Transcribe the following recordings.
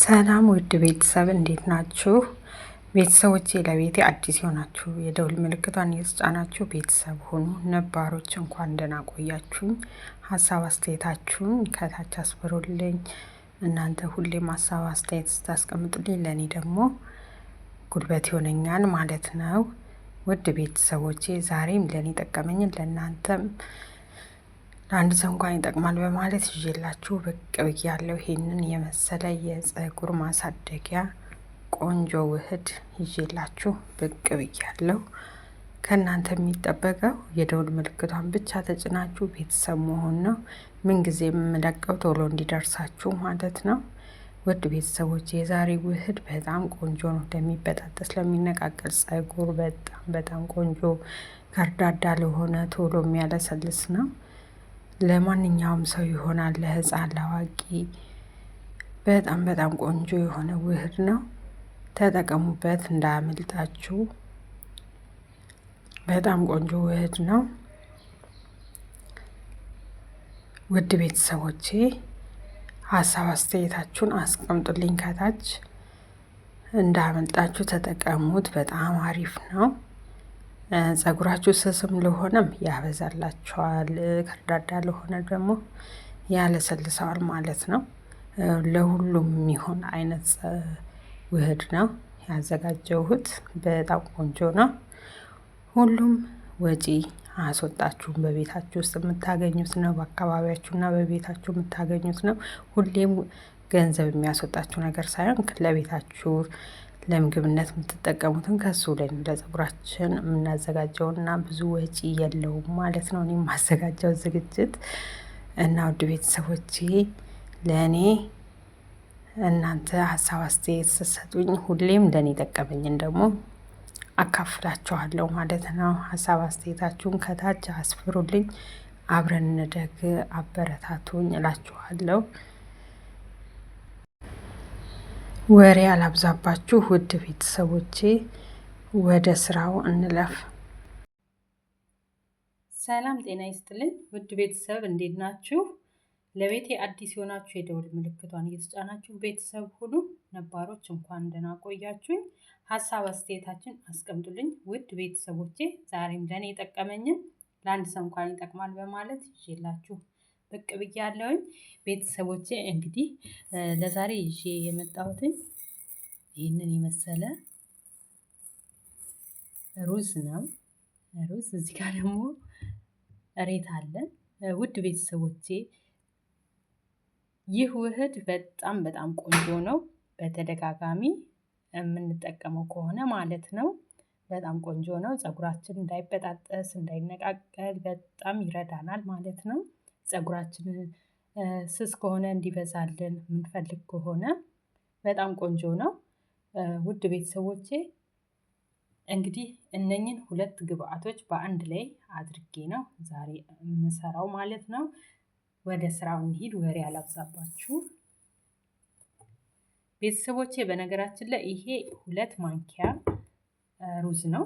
ሰላም ውድ ቤተሰብ እንዴት ናችሁ? ቤተሰቦቼ ለቤቴ አዲስ የሆናችሁ የደውል ምልክቷን የተጫናችሁ ቤተሰብ ሆኑ። ነባሮች እንኳን ደህና ቆያችሁኝ። ሀሳብ አስተያየታችሁን ከታች አስበሮልኝ እናንተ ሁሌም ሀሳብ አስተያየት ስታስቀምጡልኝ ለእኔ ደግሞ ጉልበት ይሆነኛል ማለት ነው። ውድ ቤተሰቦቼ ዛሬም ለእኔ ጠቀመኝን ለእናንተም ለአንድ ሰው እንኳን ይጠቅማል በማለት ይዤላችሁ ብቅ ብያለሁ። ይህንን የመሰለ የጸጉር ማሳደጊያ ቆንጆ ውህድ ይዤላችሁ ብቅ ብያለሁ። ከእናንተ የሚጠበቀው የደውል ምልክቷን ብቻ ተጭናችሁ ቤተሰብ መሆን ነው። ምንጊዜ የምለቀው ቶሎ እንዲደርሳችሁ ማለት ነው። ውድ ቤተሰቦች የዛሬ ውህድ በጣም ቆንጆ ነው። ለሚበጣጠስ ለሚነቃቀል ጸጉር በጣም በጣም ቆንጆ፣ ከርዳዳ ለሆነ ቶሎ የሚያለሰልስ ነው። ለማንኛውም ሰው ይሆናል፣ ለህፃን ለአዋቂ በጣም በጣም ቆንጆ የሆነ ውህድ ነው። ተጠቀሙበት እንዳያመልጣችሁ። በጣም ቆንጆ ውህድ ነው። ውድ ቤተሰቦቼ ሀሳብ አስተያየታችሁን አስቀምጡልኝ ከታች። እንዳመልጣችሁ ተጠቀሙት። በጣም አሪፍ ነው። ጸጉራችሁ ስስም ለሆነም ያበዛላችኋል፣ ከርዳዳ ለሆነ ደግሞ ያለሰልሰዋል ማለት ነው። ለሁሉም የሚሆን አይነት ውህድ ነው ያዘጋጀሁት። በጣም ቆንጆ ነው። ሁሉም ወጪ አያስወጣችሁም። በቤታችሁ ውስጥ የምታገኙት ነው። በአካባቢያችሁና በቤታችሁ የምታገኙት ነው። ሁሌም ገንዘብ የሚያስወጣችሁ ነገር ሳይሆን ለቤታችሁ ለምግብነት የምትጠቀሙትን ከሱ ላይ ለጸጉራችን የምናዘጋጀው እና ብዙ ወጪ የለውም ማለት ነው። እኔ የማዘጋጀው ዝግጅት እና ውድ ቤተሰቦች ለእኔ እናንተ ሀሳብ አስተያየት ስትሰጡኝ ሁሌም ለእኔ ጠቀመኝን ደግሞ አካፍላችኋለሁ ማለት ነው። ሀሳብ አስተያየታችሁን ከታች አስፍሩልኝ። አብረን እንደግ፣ አበረታቱኝ እላችኋለሁ። ወሬ አላብዛባችሁ ውድ ቤተሰቦቼ፣ ወደ ስራው እንለፍ። ሰላም ጤና ይስጥልኝ ውድ ቤተሰብ፣ እንዴት ናችሁ? ለቤቴ አዲስ የሆናችሁ የደውል ምልክቷን እየተጫናችሁ ቤተሰብ ሁሉ ነባሮች እንኳን ደህና ቆያችሁኝ። ሀሳብ አስተያየታችን አስቀምጡልኝ ውድ ቤተሰቦቼ። ዛሬም ለእኔ የጠቀመኝን ለአንድ ሰው እንኳን ይጠቅማል በማለት ይዤላችሁ ብቅ ብያለሁኝ። ቤተሰቦቼ እንግዲህ ለዛሬ ይዤ የመጣሁትኝ ይህንን የመሰለ ሩዝ ነው። ሩዝ እዚህ ጋር ደግሞ እሬት አለን። ውድ ቤተሰቦቼ ይህ ውህድ በጣም በጣም ቆንጆ ነው። በተደጋጋሚ የምንጠቀመው ከሆነ ማለት ነው። በጣም ቆንጆ ነው። ፀጉራችን እንዳይበጣጠስ፣ እንዳይነቃቀል በጣም ይረዳናል ማለት ነው። ፀጉራችንን ስስ ከሆነ እንዲበዛልን የምንፈልግ ከሆነ በጣም ቆንጆ ነው። ውድ ቤተሰቦቼ እንግዲህ እነኝን ሁለት ግብአቶች በአንድ ላይ አድርጌ ነው ዛሬ የምሰራው ማለት ነው። ወደ ስራው እንሂድ ወሬ አላብዛባችሁ። ቤተሰቦቼ በነገራችን ላይ ይሄ ሁለት ማንኪያ ሩዝ ነው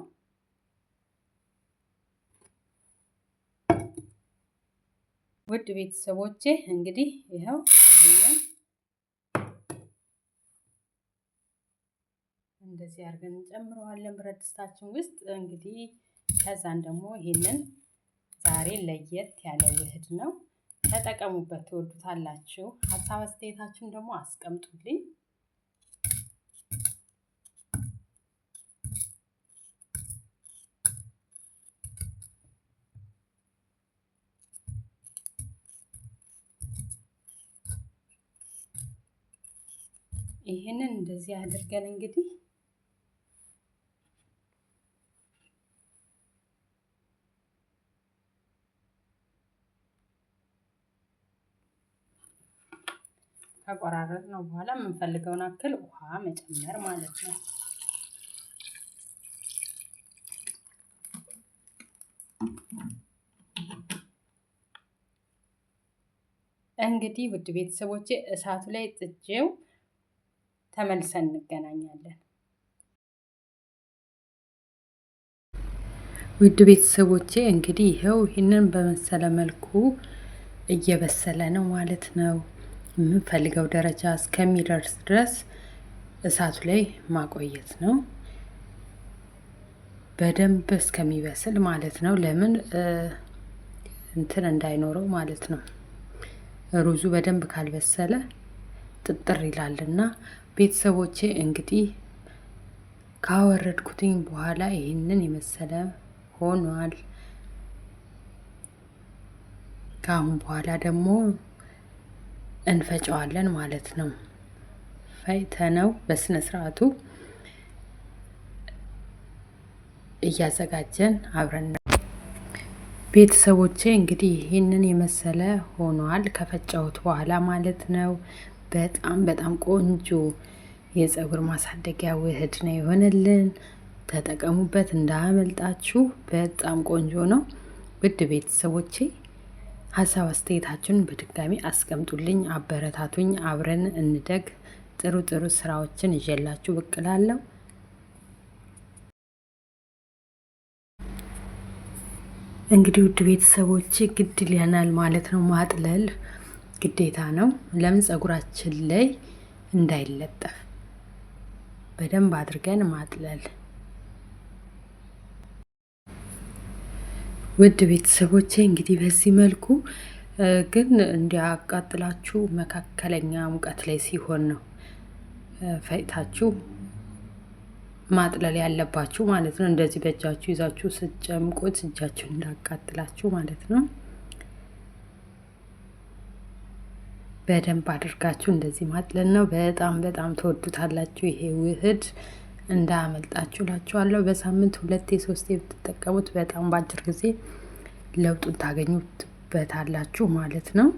ውድ ቤተሰቦቼ እንግዲህ ይኸው ይሄንን እንደዚህ አድርገን እንጨምረዋለን ብረት ድስታችን ውስጥ እንግዲህ። ከዛን ደግሞ ይሄንን ዛሬ ለየት ያለ ውህድ ነው፣ ተጠቀሙበት፣ ትወዱታላችሁ። ሀሳብ አስተያየታችሁን ደግሞ አስቀምጡልኝ። ይህንን እንደዚህ አድርገን እንግዲህ ከቆራረጥ ነው በኋላ የምንፈልገውን አክል ውሃ መጨመር ማለት ነው። እንግዲህ ውድ ቤተሰቦቼ እሳቱ ላይ ጥጄው ተመልሰን እንገናኛለን። ውድ ቤተሰቦቼ እንግዲህ ይኸው ይህንን በመሰለ መልኩ እየበሰለ ነው ማለት ነው። የምንፈልገው ደረጃ እስከሚደርስ ድረስ እሳቱ ላይ ማቆየት ነው። በደንብ እስከሚበስል ማለት ነው። ለምን እንትን እንዳይኖረው ማለት ነው። ሩዙ በደንብ ካልበሰለ ጥጥር ይላል እና ቤተሰቦቼ እንግዲህ ካወረድኩትኝ በኋላ ይህንን የመሰለ ሆኗል። ከአሁን በኋላ ደግሞ እንፈጨዋለን ማለት ነው። ፈይተነው በስነ ስርዓቱ እያዘጋጀን አብረን ነው። ቤተሰቦቼ እንግዲህ ይህንን የመሰለ ሆኗል። ከፈጨሁት በኋላ ማለት ነው። በጣም በጣም ቆንጆ የፀጉር ማሳደጊያ ውህድ ነው የሆነልን። ተጠቀሙበት እንዳያመልጣችሁ። በጣም ቆንጆ ነው። ውድ ቤተሰቦቼ ሀሳብ አስተያየታችሁን በድጋሚ አስቀምጡልኝ፣ አበረታቱኝ፣ አብረን እንደግ። ጥሩ ጥሩ ስራዎችን ይዤላችሁ ብቅ እላለሁ። እንግዲህ ውድ ቤተሰቦቼ ግድ ይለናል ማለት ነው ማጥለል ግዴታ ነው። ለምን ፀጉራችን ላይ እንዳይለጠፍ በደንብ አድርገን ማጥለል። ውድ ቤተሰቦቼ እንግዲህ በዚህ መልኩ ግን እንዲያቃጥላችሁ መካከለኛ ሙቀት ላይ ሲሆን ነው ፈይታችሁ ማጥለል ያለባችሁ ማለት ነው። እንደዚህ በእጃችሁ ይዛችሁ ስጨምቁት እጃችሁን እንዳቃጥላችሁ ማለት ነው። በደንብ አድርጋችሁ እንደዚህ ማጥለን ነው። በጣም በጣም ተወዱታላችሁ። ይሄ ውህድ እንዳያመልጣችሁ ላችኋለሁ። በሳምንት ሁለቴ ሶስቴ የምትጠቀሙት በጣም በአጭር ጊዜ ለውጡን ታገኙበታላችሁ ማለት ነው።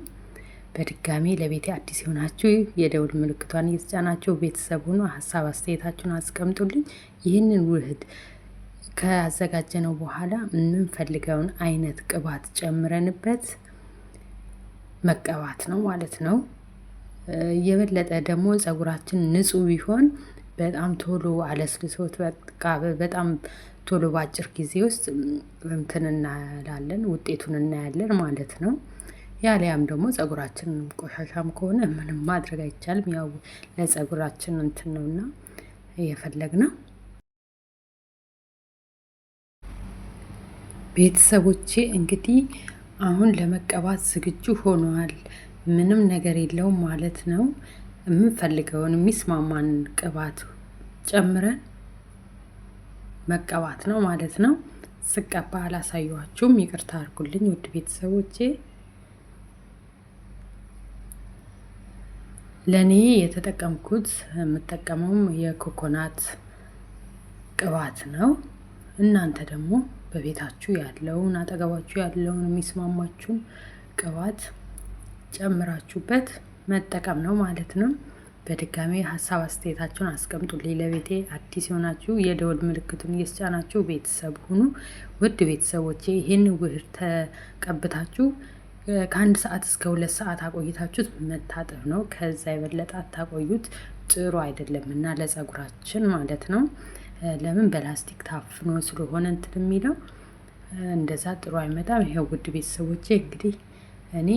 በድጋሚ ለቤቴ አዲስ የሆናችሁ የደውል ምልክቷን እየተጫናችሁ ቤተሰብ ሆኖ ሀሳብ አስተያየታችሁን አስቀምጡልኝ። ይህንን ውህድ ካዘጋጀነው በኋላ የምንፈልገውን አይነት ቅባት ጨምረንበት መቀባት ነው ማለት ነው። የበለጠ ደግሞ ፀጉራችን ንጹህ ቢሆን በጣም ቶሎ አለስልሶት በቃ በጣም ቶሎ በአጭር ጊዜ ውስጥ እንትን እናያለን፣ ውጤቱን እናያለን ማለት ነው። ያሊያም ደግሞ ጸጉራችን ቆሻሻም ከሆነ ምንም ማድረግ አይቻልም። ያው ለፀጉራችን እንትን ነውና የፈለግነው ቤተሰቦቼ እንግዲህ አሁን ለመቀባት ዝግጁ ሆኗል። ምንም ነገር የለውም ማለት ነው። የምንፈልገውን የሚስማማን ቅባት ጨምረን መቀባት ነው ማለት ነው። ስቀባ አላሳየኋችሁም፣ ይቅርታ አድርጉልኝ ውድ ቤተሰቦቼ። ለእኔ የተጠቀምኩት የምጠቀመውም የኮኮናት ቅባት ነው። እናንተ ደግሞ በቤታችሁ ያለውን አጠገባችሁ ያለውን የሚስማማችሁን ቅባት ጨምራችሁበት መጠቀም ነው ማለት ነው። በድጋሚ ሀሳብ አስተያየታችሁን አስቀምጡልኝ። ለቤቴ አዲስ የሆናችሁ የደወል ምልክቱን እየስጫናችሁ ቤተሰብ ሁኑ። ውድ ቤተሰቦቼ ይህን ውህድ ተቀብታችሁ ከአንድ ሰዓት እስከ ሁለት ሰዓት አቆይታችሁት መታጠብ ነው። ከዛ የበለጠ አታቆዩት፣ ጥሩ አይደለም እና ለጸጉራችን ማለት ነው። ለምን በላስቲክ ታፍኖ ስለሆነ እንትን የሚለው እንደዛ ጥሩ አይመጣም። ይሄው ውድ ቤተሰቦቼ እንግዲህ እኔ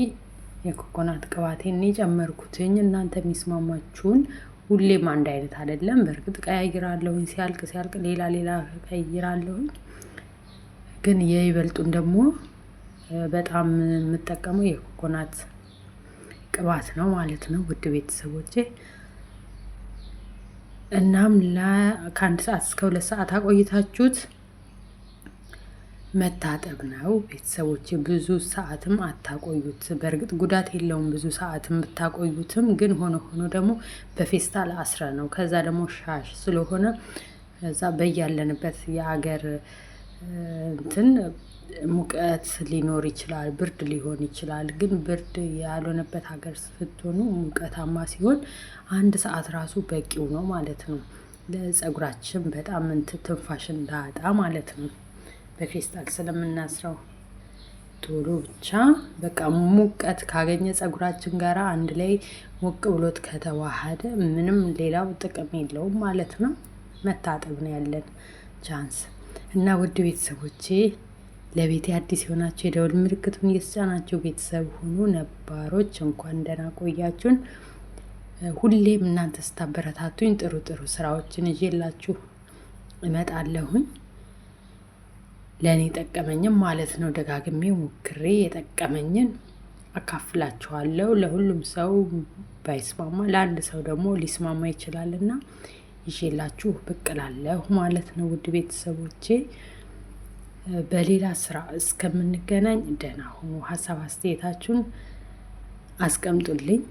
የኮኮናት ቅባቴን እኔ ጨመርኩትኝ። እናንተ የሚስማማችሁን ሁሌም አንድ አይነት አይደለም። በእርግጥ ቀያይራለሁኝ፣ ሲያልቅ ሲያልቅ ሌላ ሌላ ቀይራለሁኝ። ግን የይበልጡን ደግሞ በጣም የምጠቀመው የኮኮናት ቅባት ነው ማለት ነው ውድ ቤተሰቦቼ። እናም ከአንድ ሰዓት እስከ ሁለት ሰዓት አቆይታችሁት መታጠብ ነው። ቤተሰቦች ብዙ ሰዓትም አታቆዩት። በእርግጥ ጉዳት የለውም ብዙ ሰዓትም ብታቆዩትም፣ ግን ሆነ ሆኖ ደግሞ በፌስታል አስረ ነው። ከዛ ደግሞ ሻሽ ስለሆነ እዛ በያለንበት የአገር እንትን ሙቀት ሊኖር ይችላል፣ ብርድ ሊሆን ይችላል። ግን ብርድ ያልሆነበት ሀገር ስትሆኑ ሙቀታማ ሲሆን አንድ ሰዓት ራሱ በቂው ነው ማለት ነው። ለፀጉራችን በጣም እንትን ትንፋሽ እንዳጣ ማለት ነው። በፌስታል ስለምናስረው ቶሎ ብቻ በቃ ሙቀት ካገኘ ፀጉራችን ጋር አንድ ላይ ሞቅ ብሎት ከተዋሃደ ምንም ሌላው ጥቅም የለውም ማለት ነው። መታጠብ ነው ያለን ቻንስ እና ውድ ቤተሰቦቼ ለቤቴ አዲስ የሆናቸው የደወል ምልክቱን የተጫናቸው ቤተሰብ ሆኑ ነባሮች እንኳን ደህና ቆያችሁን። ሁሌም እናንተ ስታበረታቱኝ ጥሩ ጥሩ ስራዎችን እዤላችሁ እመጣለሁኝ። ለእኔ ጠቀመኝም ማለት ነው። ደጋግሜ ሞክሬ የጠቀመኝን አካፍላችኋለሁ። ለሁሉም ሰው ባይስማማ ለአንድ ሰው ደግሞ ሊስማማ ይችላልና ይዤላችሁ ብቅ እላለሁ ማለት ነው ውድ ቤተሰቦቼ። በሌላ ስራ እስከምንገናኝ ደህና ሁኑ። ሀሳብ አስተያየታችሁን አስቀምጡልኝ።